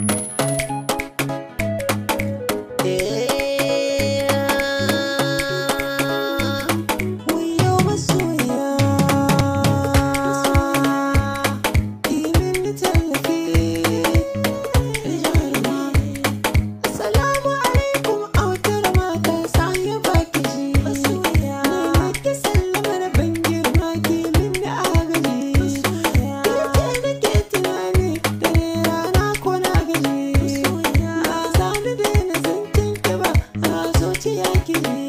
Mm-hmm. give me